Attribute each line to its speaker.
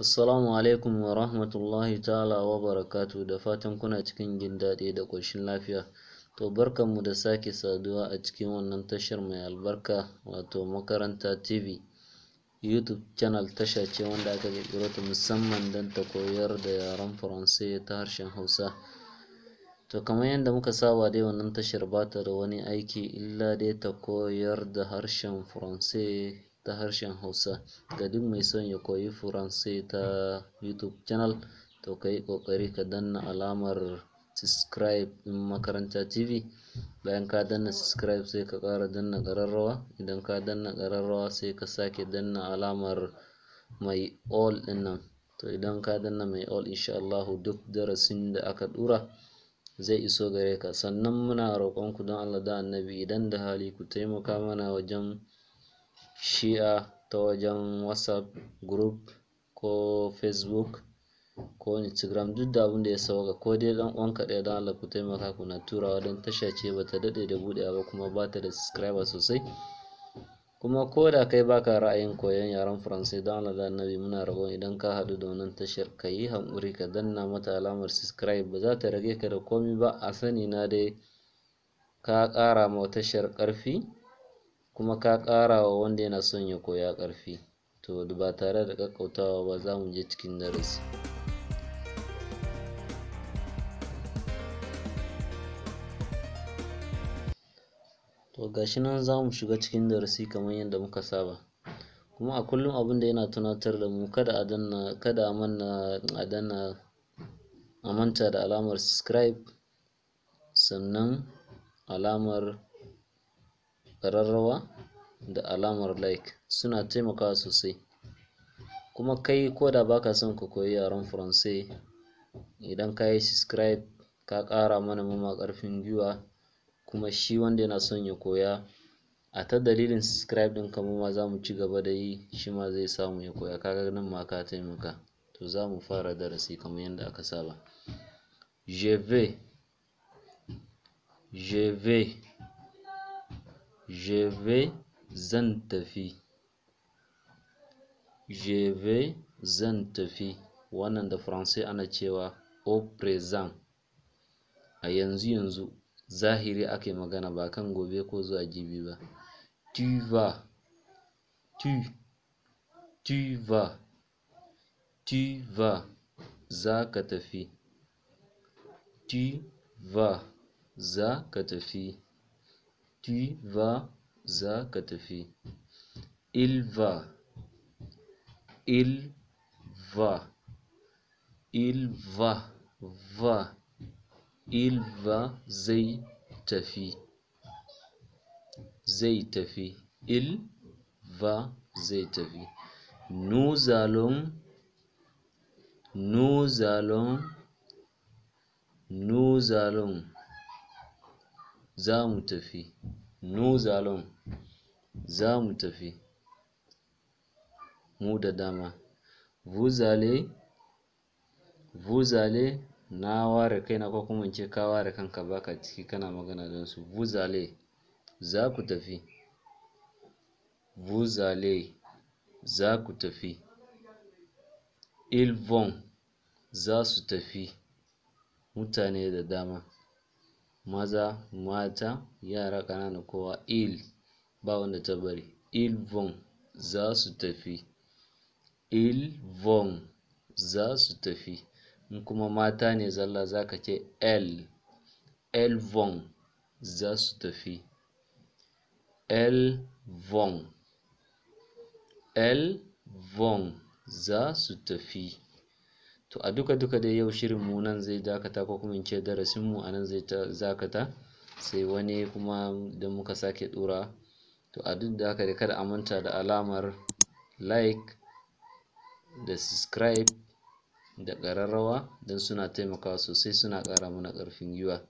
Speaker 1: Assalamu alaikum wa rahmatullahi ta'ala wa barakatu da fatan kuna cikin jin daɗi da ƙoshin lafiya. To barkanmu da sake saduwa a cikin wannan tashar mai albarka wato makaranta TV. YouTube channel tasha ce wanda aka ƙirƙiro ta musamman don ta koyar da yaren Faransai ta harshen Hausa. To kamar yadda muka saba dai wannan tashar ba ta da wani aiki illa dai ta koyar da harshen Faransai ta harshen Hausa ga duk mai son ya koyi Faransai ta YouTube Channel to ka yi ƙoƙari ka danna alamar subscribe ɗin makaranta TV bayan ka danna subscribe sai ka kara danna kararrawa idan ka danna kararrawa sai ka sake danna alamar mai all dinnan nan to idan ka danna mai all insha Allahu duk darasin da aka ɗura zai iso gare ka sannan muna roƙonku don Allah da annabi idan da hali ku taimaka mana wajen shi'a ta wajen whatsapp group ko facebook ko instagram duk da abin da ya sauka ko dai dan uwan ka dan Allah ku taimaka ku na turawa dan tasha ce bata daɗe da buɗewa ba kuma bata da subscriber sosai kuma ko da kai baka ra'ayin koyon yaren faransai don Allah da annabi muna rabon idan ka haɗu da wannan tashar ka yi hankuri ka danna mata alamar subscribe ba za ta rage ka da komai ba a sani na dai ka ƙara ma tashar karfi kuma ka ƙara wa wanda yana son ya koya ƙarfi to ba tare da ƙaƙƙautawa ba za mu je cikin darasi to gashi nan za mu shiga cikin darasi kamar yadda muka saba kuma a kullum abin da yana tunatar da mu kada a danna kada a manna a danna a manta da alamar subscribe sannan alamar ƙararrawa da alamar like suna taimakawa sosai kuma kai ko da ba ka son ka koyi yaren faransai idan ka yi subscribe ka ƙara mana mama ƙarfin gwiwa kuma shi wanda yana son ya koya a ta dalilin subscribe ɗin ka ma za mu ci gaba da yi shi ma zai samu ya koya kaga nan ma ka taimaka to za mu fara darasi kamar yadda aka saba je vais Je vais. Zan tafi. Je vais. Zan tafi. Wannan da Faransai ana cewa au présent. A yanzu yanzu zahiri yi magana ba kan gobe ko zuwa jibi ba. Tu vas. Tu. Tu Tu Za ka tafi. Tu Za ka tafi. Tu vas za Katafi. Il va. Il va. Il va. Va. Il va. Zai tafi. ta Il va. ta tafi. Nous allons. Nous allons. Nous allons. za mu tafi. nu zalon za mu tafi. Mu da dama. vuzale vuzale na ware kaina ko kuma in ce ka ware kanka ba ka ciki kana magana don su. vuzale za ku tafi. vuzale za ku tafi. ilvon za su tafi. Mutane da dama. maza mata yara ƙanana kowa il ba wanda ta bari il vong za su tafi il vong za su tafi in kuma mata ne zalla za ka ce el el vont za su tafi el vong. el vong za su tafi to a duka duka dai yau shirin mu nan zai dakata ko kuma in ce darasin mu anan zai zakata sai wani kuma da muka sake dora to a duk da haka da kada a manta da alamar like da subscribe da ƙararrawa don suna taimakawa sosai suna ƙara mana ƙarfin gwiwa